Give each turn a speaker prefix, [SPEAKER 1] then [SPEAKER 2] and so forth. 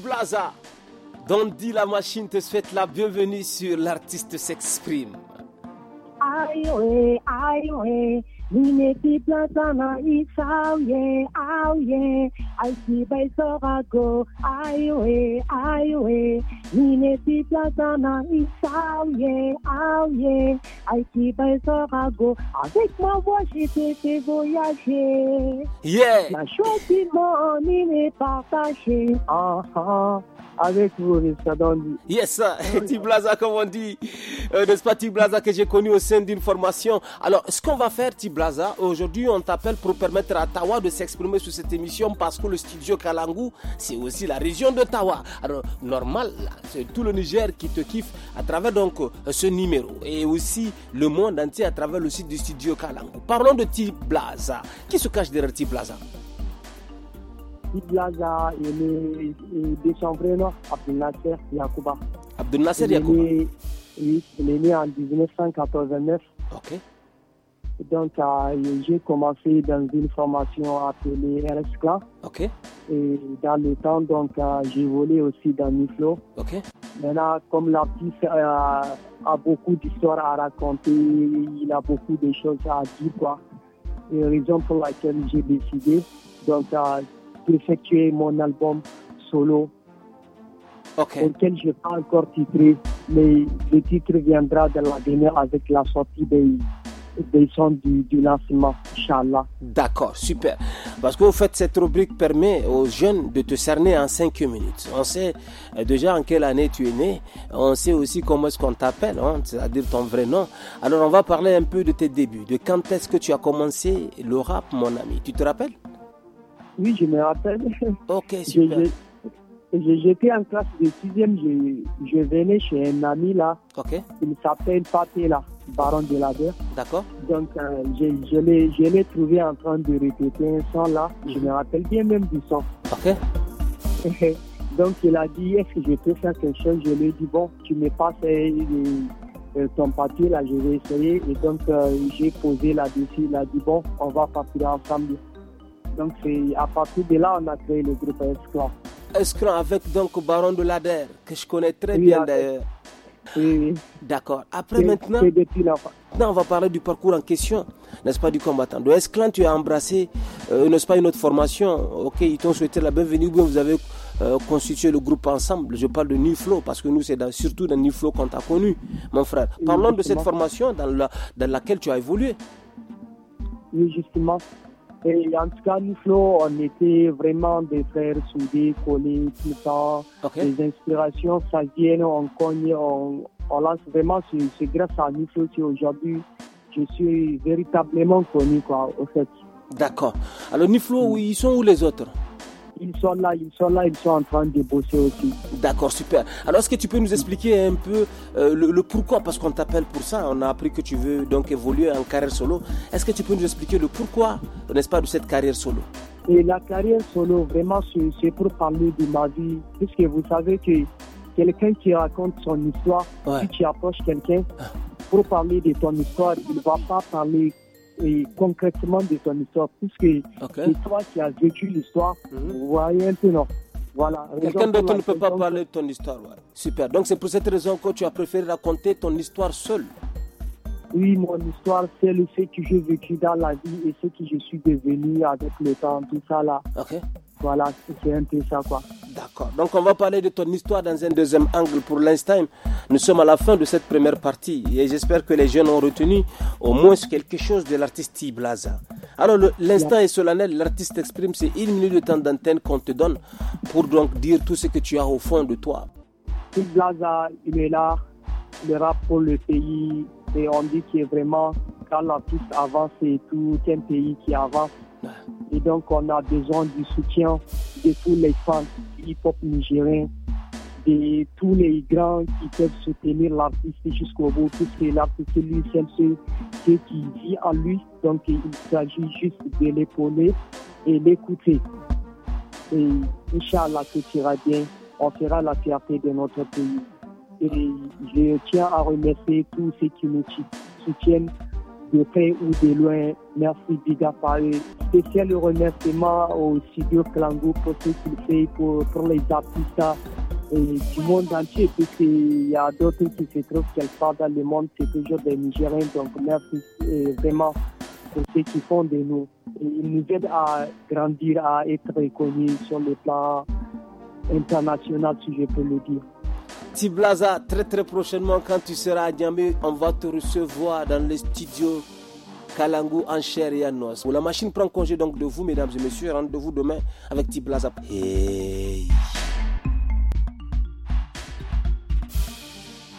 [SPEAKER 1] blaza Blaza. dit la machine te souhaite la bienvenue sur l'artiste s'exprime.
[SPEAKER 2] Mine ti plasana i sao ye, ao ye, ai si bai so ako, ai oe, ai oe. Mine ti plasana ye, ao ye, ai si bai so ako, avec ma voix j'ai
[SPEAKER 1] Yeah! Ma
[SPEAKER 2] chantiment, ni partage, ah uh ah. -huh. Avec vous, dit.
[SPEAKER 1] Yes, Tiblaza, comme on dit. Euh, n'est-ce pas Tiblaza que j'ai connu au sein d'une formation. Alors, ce qu'on va faire, Tiblaza, aujourd'hui, on t'appelle pour permettre à Tawa de s'exprimer sur cette émission parce que le studio Kalangu, c'est aussi la région de Tawa. Alors, normal, c'est tout le Niger qui te kiffe à travers donc euh, ce numéro et aussi le monde entier à travers le site du studio Kalangu. Parlons de Tiblaza. Qui se cache derrière Tiblaza?
[SPEAKER 2] Il Abdel Nasser Abdel Nasser il est né en 1989. Ok. Donc, euh, j'ai commencé dans une formation appelée RSK. Ok. Et dans le temps, donc, euh, j'ai volé aussi dans Niflo. Ok. Maintenant, comme l'artiste euh, a beaucoup d'histoires à raconter, il a beaucoup de choses à dire, quoi. Et raison pour laquelle j'ai décidé, donc, effectuer mon album solo, okay. je n'ai pas encore titré,
[SPEAKER 1] mais le titre viendra de dernière avec la sortie des, des sons du, du lancement, Inch'Allah. D'accord, super. Parce que, vous faites cette rubrique permet aux jeunes de te cerner en 5 minutes. On sait euh, déjà en quelle année tu es né. On sait aussi comment est-ce qu'on t'appelle, hein, c'est-à-dire ton vrai nom. Alors, on va parler un peu de tes débuts, de quand est-ce que tu as commencé le rap, mon ami. Tu te rappelles
[SPEAKER 2] oui, je me rappelle. Ok, super. J'étais en classe de 6e, je, venais chez un ami là. Ok. Il s'appelle Paté là, baron de la guerre. D'accord. Donc, euh, je, l'ai trouvé en train de répéter un son là. Je mhm. me rappelle bien même du son. Ok. Donc, il a dit Est-ce que je peux faire quelque chose Je lui ai dit Bon, tu me passes euh, euh, ton papier là, je vais essayer. Et donc, j'ai posé là-dessus. Il a dit Bon, on va partir ensemble. Donc à partir de là on a créé le groupe Escran.
[SPEAKER 1] Escran avec donc Baron de Lader, que je connais très bien d'ailleurs. Oui, oui. D'accord. Après maintenant, maintenant, on va parler du parcours en question, n'est-ce pas, du combattant. De Esclan, tu as embrassé, euh, n'est-ce pas, une autre formation. Ok, ils t'ont souhaité la bienvenue, vous avez euh, constitué le groupe ensemble. Je parle de Nuflo, parce que nous, c'est surtout dans Nuflo qu'on t'a connu, mon frère. Parlons de cette formation dans, dans laquelle tu as évolué.
[SPEAKER 2] Oui, justement. Et en tout cas, Niflo, on était vraiment des frères soudés, collés tout le temps. Les inspirations, ça vient, on cogne, on, lance vraiment. C'est grâce à Niflo que aujourd'hui, je suis véritablement
[SPEAKER 1] connu, quoi, au fait. D'accord. Alors, Niflo, ils sont où les autres ils sont là, ils sont là, ils sont en train de bosser aussi. D'accord, super. Alors, est-ce que tu peux nous expliquer un peu euh, le, pourquoi Parce qu'on t'appelle pour ça, on a appris que tu veux donc évoluer en carrière solo. Est-ce que tu peux nous expliquer le pourquoi, n'est-ce pas, de cette carrière solo
[SPEAKER 2] Et la carrière solo, vraiment, c'est pour parler de ma vie, puisque vous savez que quelqu'un qui raconte son histoire, si tu approches quelqu'un, ah. pour parler de ton histoire, il ne va pas parler et concrètement de ton histoire, puisque c'est toi qui as vécu l'histoire, mhm. vous voyez un peu, non Quelqu'un d'autre ne peut
[SPEAKER 1] pas parler de ton histoire. Super. Donc c'est pour cette raison que tu as préféré raconter ton histoire seule.
[SPEAKER 2] Oui, mon histoire, c'est le fait que j'ai vécu dans la vie et ce que je suis devenu avec le temps, tout ça là. Voilà, c'est un peu ça quoi.
[SPEAKER 1] D'accord. Donc on va parler de ton histoire dans un deuxième angle pour l'instant. Nous sommes à la fin de cette première partie et j'espère que les jeunes ont retenu au moins quelque chose de l'artiste Blaza. Alors l'instant est solennel, l'artiste exprime c'est une minute de temps d'antenne qu'on te donne pour donc dire tout ce que tu as au fond de toi. t Blaza, il est là,
[SPEAKER 2] le rap pour le pays et on dit qu'il est vraiment quand l'artiste avance et tout, qu'un pays qui avance et donc, on a besoin du soutien de tous les fans hip-hop nigériens, de tous les grands qui peuvent soutenir l'artiste jusqu'au bout, que l'artiste lui, c'est ce qui vit à lui. Donc, il s'agit juste de l'épauler et l'écouter. Et Inch'Allah, ce ira bien. On fera la fierté de notre pays. Et je tiens à remercier tous ceux qui nous soutiennent de près ou de loin. Merci Biga Paris. Spécial remerciement au studio Klango pour ce qu'il fait pour, les artistes du monde entier, qu'il y a d'autres qui se trouvent quelque part dans le monde, c'est toujours des Nigériens. Donc merci euh, vraiment pour ce qu'ils font de nous. ils nous aident à grandir, à être reconnus sur le plan international, si je peux le dire.
[SPEAKER 1] Tiblaza, très très prochainement, quand tu seras à Diamé, on va te recevoir dans les studios Kalangu en chair et en La machine prend congé donc de vous, mesdames et messieurs. Rendez-vous demain avec Tiblaza.